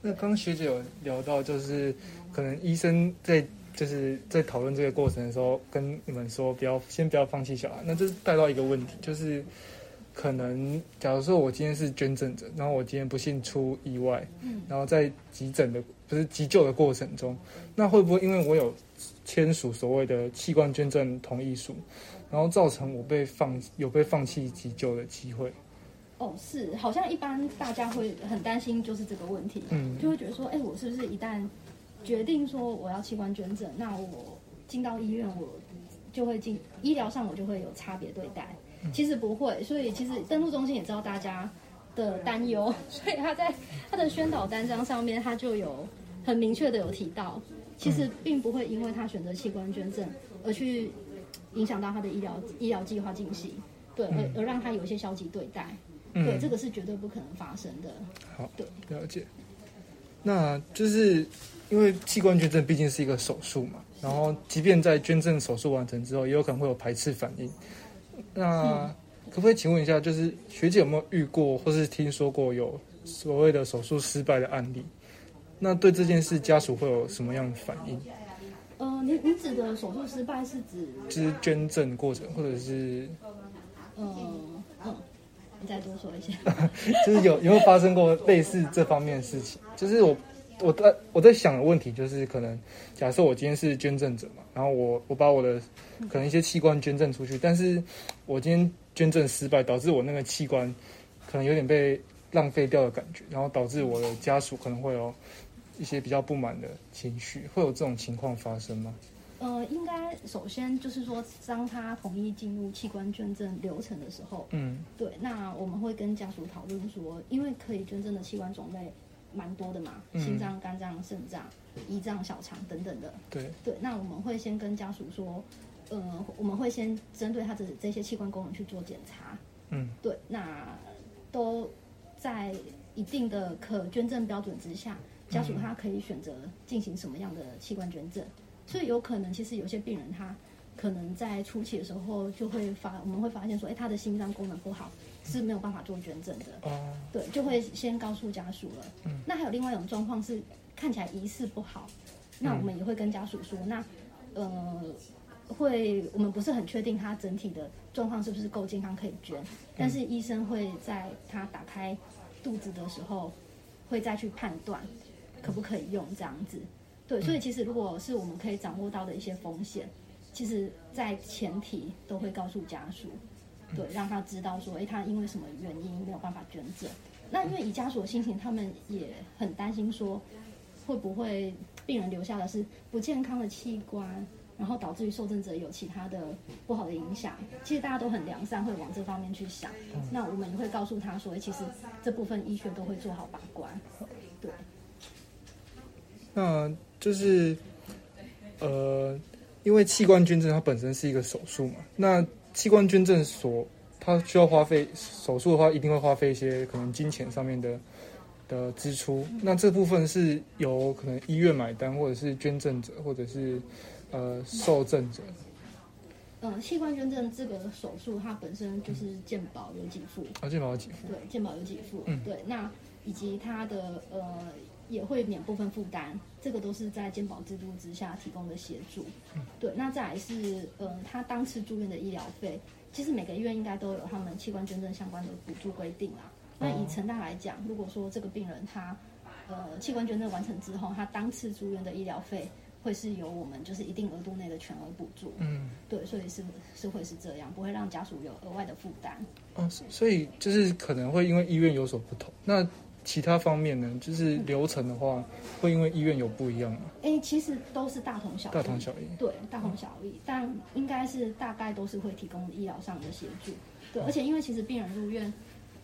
那剛剛學姐有聊到，就是可能醫生在就是在討論這個過程的時候，跟你們說不要先不要放棄小孩。那這是帶到一個問題，就是可能假如說我今天是捐贈者，然後我今天不幸出意外，嗯，然後在急診的不是急救的過程中，那會不會因為我有簽署所謂的器官捐贈同意書，然後造成我被放有被放棄急救的機會？哦，oh, 是，好像一般大家會很擔心，就是這個問題，嗯，就會覺得說，哎，我是不是一旦決定說我要器官捐贈，那我進到醫院，我就會進醫療上我就會有差別對待？嗯、其實不會，所以其實登錄中心也知道大家的擔憂，所以他在他的宣導單張上面，他就有很明確的有提到，其實並不會因為他選擇器官捐贈而去影響到他的醫療醫療計劃進行，對，而、嗯、而讓他有一些消極對待。嗯、對，這個是絕對不可能發生的。好，對，了解。那就是因為器官捐贈畢竟是一個手術嘛，是然後即便在捐贈手術完成之後，也有可能會有排斥反應。那可不可以請問一下，就是學姐有沒有遇過，或是聽說過有所謂的手術失敗的案例？那對這件事，家屬會有什麼樣的反應？呃，你你指的手術失敗是指？就是捐贈過程，或者是？嗯、呃、嗯。你再多說一些， 就是有有沒有發生過類似這方面的事情？就是我我在我在想的問題，就是可能假設我今天是捐贈者嘛，然後我我把我的可能一些器官捐贈出去，但是我今天捐贈失敗，導致我那個器官可能有點被浪費掉的感覺，然後導致我的家屬可能會有一些比較不滿的情緒，會有這種情況發生嗎？呃，應該首先就是說，當他同意進入器官捐贈流程的時候，嗯，對，那我們會跟家屬討論說，因為可以捐贈的器官種類蠻多的嘛，嗯，心臟、肝臟、腎臟、胰臟、小腸等等的，對，對，那我們會先跟家屬說，呃，我們會先針對他的這些器官功能去做檢查，嗯，對，那都在一定的可捐贈標準之下，家屬他可以選擇進行什麼樣的器官捐贈。所以有可能，其實有些病人他可能在初期的時候就會發，我們會發現說，哎，他的心臟功能不好是沒有辦法做捐贈的，嗯、對，就會先告訴家屬了。嗯、那還有另外一種狀況是看起來疑似不好，那我們也會跟家屬說，嗯、那呃會我們不是很確定他整體的狀況是不是夠健康可以捐，嗯、但是醫生會在他打開肚子的時候會再去判斷可不可以用這樣子。對，所以其實如果是我們可以掌握到的一些風險，其實，在前提都會告訴家屬，對，讓他知道說，哎，他因為什麼原因沒有辦法捐贈。那因為以家屬的心情，他們也很擔心說，會不會病人留下的是不健康的器官，然後導致於受贈者有其他的不好的影響。其實大家都很良善，會往這方面去想。那我們也會告訴他說，哎，其實這部分醫學都會做好把關。那就是，呃，因為器官捐贈它本身是一個手術嘛，那器官捐贈所它需要花費手術的話，一定會花費一些可能金錢上面的的支出。那這部分是由可能醫院買單，或者是捐贈者，或者是呃受贈者。呃，器官捐贈這個手術它本身就是健保有給付啊，健保有給付、哦、健保有給付，對，健保有給付嗯，對。那以及它的呃。也會免部分負擔，這個都是在健保制度之下提供的協助。嗯、對，那再來是，嗯，他當次住院的醫療費，其實每個醫院應該都有他們器官捐贈相關的補助規定啦。那、嗯、以成大來講，如果說這個病人他，呃，器官捐贈完成之後，他當次住院的醫療費會是由我們就是一定額度內的全額補助。嗯，對，所以是是會是這樣，不會讓家屬有額外的負擔。啊、嗯，對所以就是可能會因為醫院有所不同。對那其他方面呢，就是流程的話，嗯、會因為醫院有不一樣嗎？哎、欸，其實都是大同小。大同小異。對，大同小異，嗯、但應該是大概都是會提供醫療上的協助。對，嗯、而且因為其實病人入院，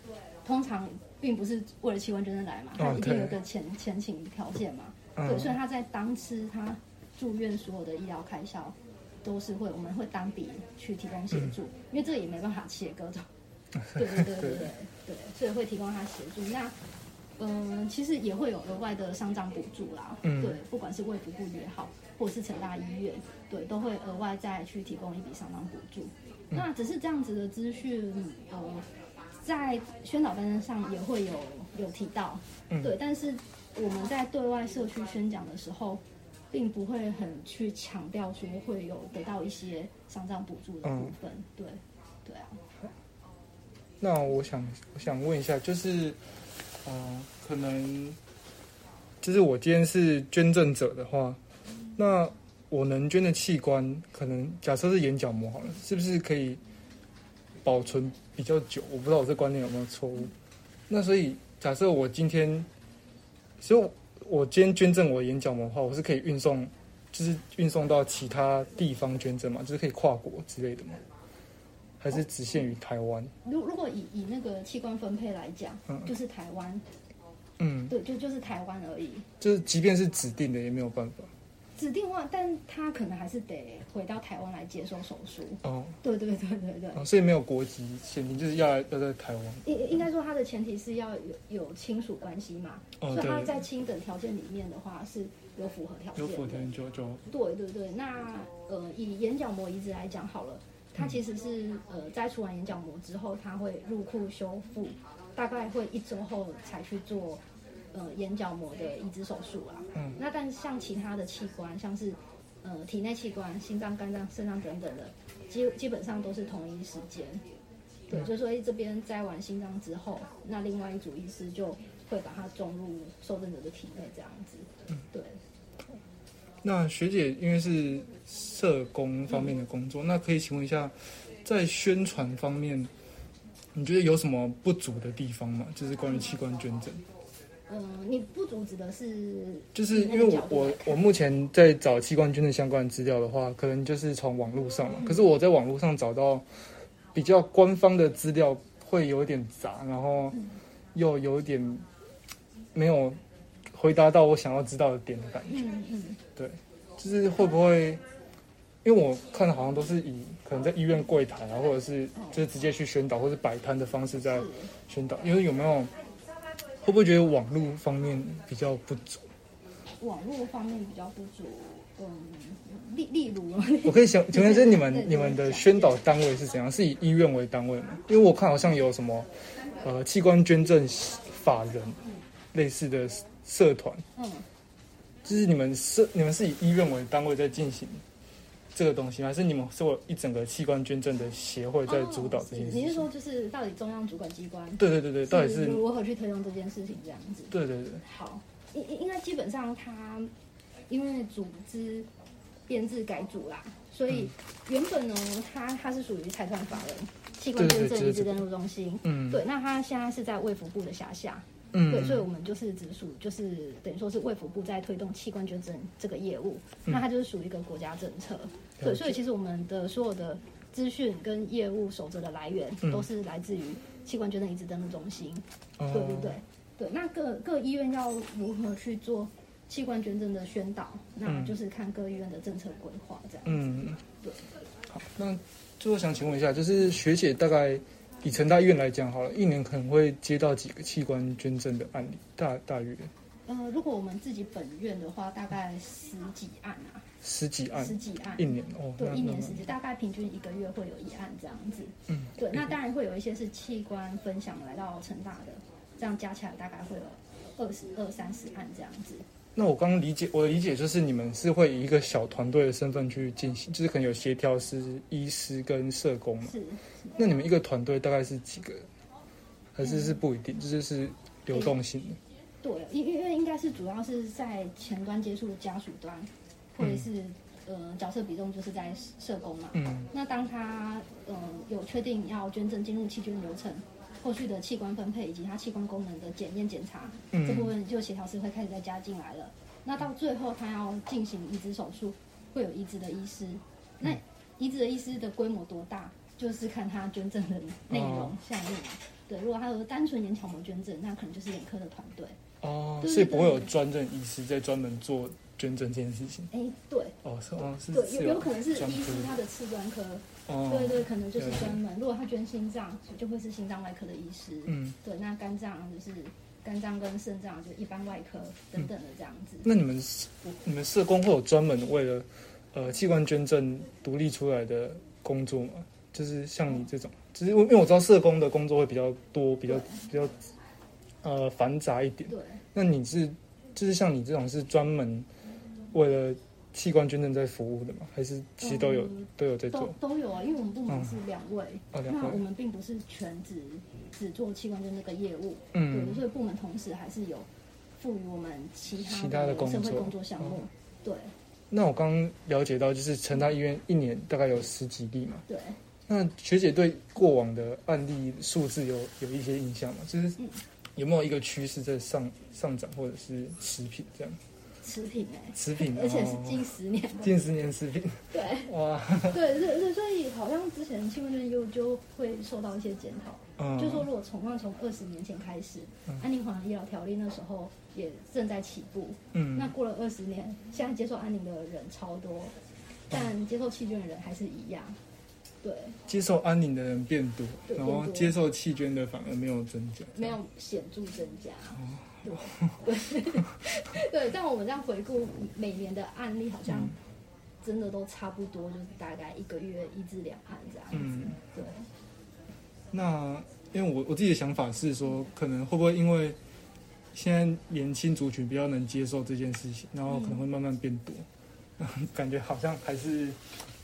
對，通常並不是為了器官捐贈來嘛，他一定有個前、哦、前情條件嘛。對，嗯、所以他在當次他住院所有的醫療開銷，都是會我們會單筆去提供協助，嗯、因為這個也沒辦法切割的。對對對對對。 對，對，所以會提供他協助那。嗯、呃，其實也會有額外的喪葬補助啦，嗯、對，不管是衛福部也好，或者是成大醫院，對，都會額外再去提供一筆喪葬補助。嗯、那只是這樣子的資訊，呃，在宣導單上也會有有提到，嗯、對，但是我們在對外社區宣講的時候，並不會很去強調說會有得到一些喪葬補助的部分，嗯、對，對啊。那我想我想問一下，就是。哦、嗯，可能就是我今天是捐贈者的話，那我能捐的器官，可能假設是眼角膜好了，是不是可以保存比較久？我不知道我這觀念有沒有錯誤。那所以假設我今天，所以我我今天捐贈我眼角膜的話，我是可以運送，就是運送到其他地方捐贈嘛，就是可以跨國之類的嘛。還是只限於台灣。如、哦嗯、如果以以那個器官分配來講，就是台灣。嗯，對，就就是台灣而已。就是即便是指定的，也沒有辦法。指定的話，但他可能還是得回到台灣來接受手術。哦，對對對對對，對、哦。所以沒有國籍前提，限定就是要要在台灣。應應該說，它的前提是要有有親屬關係嘛。哦、嗯。所以他在親等條件裡面的話，是有符合條件。有符合條件就。對對對，那呃，以眼角膜移植來講，好了。它其實是呃摘除完眼角膜之後，它會入庫修復，大概會一周後才去做呃眼角膜的移植手術啦、啊。嗯。那但像其他的器官，像是呃體內器官，心臟、肝臟、腎臟等等的，基基本上都是同一時間。嗯、對。就所以這邊摘完心臟之後，那另外一組醫師就會把它種入受贈者的體內，這樣子。嗯。對。那學姐，因為是社工方面的工作，嗯、那可以請問一下，在宣傳方面，你覺得有什麼不足的地方嗎？就是關於器官捐贈。呃，你不足指的是？就是因為我我我目前在找器官捐贈相關的資料的話，可能就是從網絡上嘛。嗯、可是我在網絡上找到比較官方的資料會有點雜，然後又有點沒有。回答到我想要知道的點的感覺。嗯，嗯。對，就是會不會？因為我看好像都是以可能在醫院櫃台啊，或者是就是直接去宣導或者擺攤的方式在宣導，因為有沒有會不會覺得網絡方面比較不足？網絡方面比較不足，嗯，例例如，我可以想請問一下你們你們的宣導單位是怎樣？是以醫院為單位嗎？因為我看好像有什麼呃器官捐贈法人類似的。社團，嗯，就是你們是你們是以醫院為單位在進行這個東西嗎？還是你們是我一整個器官捐贈的協會在主導這件事情？你是說就是到底中央主管機關？對對對對，到底是如何去推動這件事情這樣子？對，對對對，對對對好，應應應該基本上他因為組織編制改組啦，所以原本呢，他他是屬於財團法人器官捐贈移植登錄中心，嗯，對，那他現在是在衛福部的轄下。嗯、對，所以我們就是直屬，就是等於說是衛福部在推動器官捐贈這個業務，嗯、那它就是屬於一個國家政策。了解。對，所以其實我們的所有的資訊跟業務守則的來源，都是來自於器官捐贈移植登錄中心，嗯、對對對。哦、對，那各各醫院要如何去做器官捐贈的宣導，嗯、那就是看各醫院的政策規劃這樣子。嗯，對。好，那最後想請問一下，就是學姐大概，以成大醫院來講好了，一年可能會接到幾個器官捐贈的案例，大大約？呃，如果我們自己本院的話，大概十幾案啊。十幾案。十幾案。一年哦？對，那一年十幾，麼大概平均一個月會有一案這樣子。嗯。對，那當然會有一些是器官分享來到成大的，這樣加起來大概會有二十二三十案這樣子。那我剛剛理解，我的理解就是你們是會以一個小團隊的身份去進行，就是可能有協調師、醫師跟社工嘛。是。是，那你們一個團隊大概是幾個？還是是不一定，嗯、就是是流動性的、欸。對，因因為應該是主要是在前端接觸家屬端，或者是、嗯、呃角色比重就是在社工嘛。嗯。那當他嗯、呃、有確定要捐贈進入器捐流程，後續的器官分配以及他器官功能的檢驗檢查，嗯、這部分就協調師會開始再加進來了。那到最後他要進行移植手術，會有移植的醫師。那、嗯、移植的醫師的規模多大，就是看他捐贈的內容項目。哦、對，如果他有單純眼角膜捐贈，那可能就是眼科的團隊。哦，所以不，不會有專任醫師在專門做捐贈這件事情，哎，對，哦，是，哦，是，對，有有可能是醫師，他的次專科，哦，對對，可能就是專門。對對對，如果他捐心臟，就會是心臟外科的醫師，嗯，對。那肝臟就是肝臟跟腎臟，就是一般外科等等的這樣子。嗯、那你們你們社工會有專門為了，呃，器官捐贈獨立出來的工作嗎？就是像你這種，只、嗯，就是因為我知道社工的工作會比較多，比較對比較，呃，繁雜一點。對，那你是，就是像你這種是專門。為了器官捐贈在服務的嘛，還是其實都有、嗯、都有在做，都，都有啊。因為我們部門是兩位，嗯哦、兩位，那我們並不是全職，只做器官捐贈這個業務。嗯，有的時候部門同時還是有賦予我們其他社會工作其他的工作項目。嗯、對。那我剛剛了解到，就是成大醫院一年大概有十幾例嘛。對。那學姐對過往的案例數字有有一些印象嗎？就是、嗯、有沒有一個趨勢在上上漲，或者是持平這樣？持平誒，持平、欸持平哦，而且是近十年，近十年持平對哇。對，哇，對，所以好像之前器官捐又就會受到一些檢討，嗯、就說，如果從那從二十年前開始，嗯、安寧緩和醫療條例那時候也正在起步，嗯，那過了二十年，現在接受安寧的人超多，但接受器捐的人還是一樣，對，接受安寧的人變多，變多然後接受器捐的反而沒有增加，沒有顯著增加。哦對，對，對，但我們這樣回顧每年的案例，好像真的都差不多，嗯、就是大概一個月一至兩盤這樣子。嗯、對。那因為我我自己的想法是說，可能會不會因為現在年輕族群比較能接受這件事情，然後可能會慢慢變多。嗯、感覺好像還是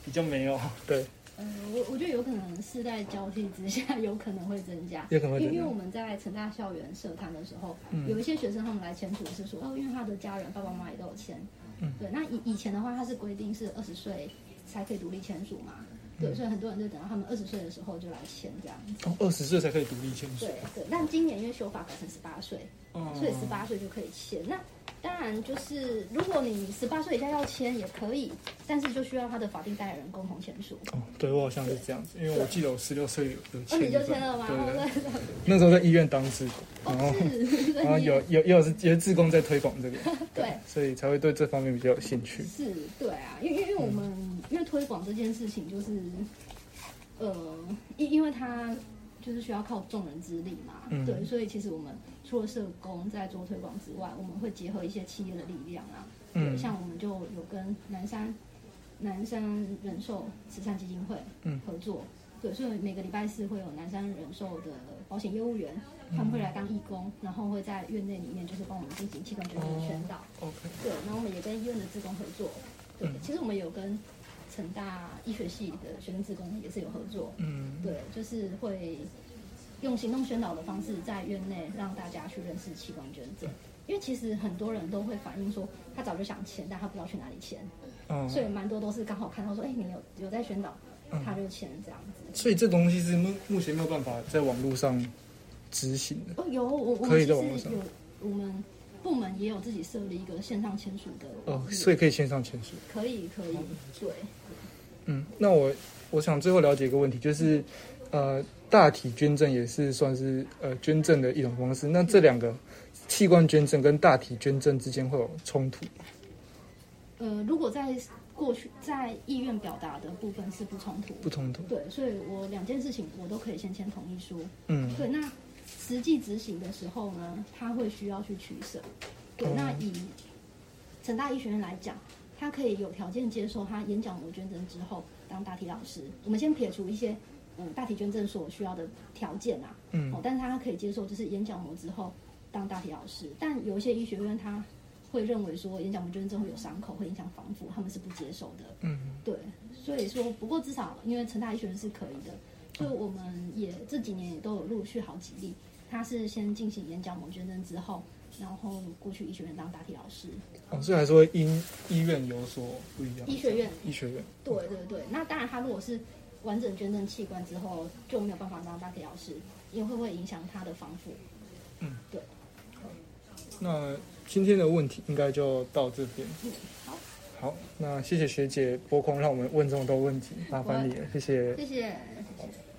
比較沒有，對。嗯，我我覺得有可能世代交替之下，有可能會增加，有可能會增加，因為我們在成大校園設攤的時候，嗯、有一些學生他們來簽署是說，哦，因為他的家人爸爸媽媽也都有簽，嗯、對，那以以前的話，他是規定是二十歲才可以獨立簽署嘛，嗯、對，所以很多人就等到他們二十歲的時候就來簽這樣子，哦，二十歲才可以獨立簽署，對對，但今年因為修法改成十八歲，哦、所以十八歲就可以簽，那。當然，就是如果你十八歲以下要簽也可以，但是就需要他的法定代理人共同簽署。哦，對我好像是這樣子，對因為我記得我十六歲有簽。對哦，你就簽了嗎？那時候在醫院當志工，然後，哦、然後有有有是接志工在推廣這個， 對,對，所以才會對這方面比較有興趣。是，對啊，因因因為我們、嗯、因為推廣這件事情就是，呃，因因為他。就是需要靠眾人之力嘛，嗯、對，所以其實我們除了社工在做推廣之外，我們會結合一些企業的力量啊，嗯、對，像我們就有跟南山南山人壽慈善基金會合作，嗯、對，所以每個禮拜四會有南山人壽的保險業務員，他們會來當義工，嗯、然後會在院內裡面就是幫我們進行器官捐贈的宣導、哦，OK，對，然後我們也跟醫院的職工合作，對，嗯、其實我們有跟。很大醫學系的學生志工，也是有合作，嗯，對，就是會用行動宣導的方式在院內讓大家去認識器官捐贈，嗯、因為其實很多人都會反映說他早就想簽，但他不知道去哪裡簽，嗯，所以蠻多都是剛好看到說，哎、欸，你有有在宣導，他就簽這樣子。嗯。所以這東西是目目前沒有辦法在網絡上執行的，哦，有，我可以在網絡上我，我們部門也有自己設立一個線上簽署的，哦，所以可以線上簽署，可以可以，對。嗯，那我我想最後了解一個問題，就是，呃，大體捐贈也是算是呃捐贈的一種方式。那這兩個器官捐贈跟大體捐贈之間會有衝突嗎？呃，如果在過去在意願表達的部分是不衝突，不衝突，對，所以我兩件事情我都可以先簽同意書，嗯，對。那實際執行的時候呢，他會需要去取捨，對。嗯，那以成大醫學院來講。他可以有條件接受他眼角膜捐贈之後當大體老師。我們先撇除一些，嗯，大體捐贈所需要的條件啊，嗯，但是他可以接受，就是眼角膜之後當大體老師。但有一些醫學院他會認為說，眼角膜捐贈會有傷口，會影響防腐，他們是不接受的。嗯，對，所以說，不過至少因為成大醫學院是可以的，所以我們也這幾年也都有陸續好幾例，他是先進行眼角膜捐贈之後。然後過去醫學院當大體老師。哦，所以還是會因醫院有所不一樣。醫學院，醫學院，對對對。嗯、那當然，他如果是完整捐贈器官之後，就沒有辦法當大體老師，因為會不會影響他的防腐。嗯，對。好，那今天的問題應該就到這邊。嗯、好。好，那謝謝學姐撥空讓我們問這麼多問題，麻煩你了，會謝謝。謝謝。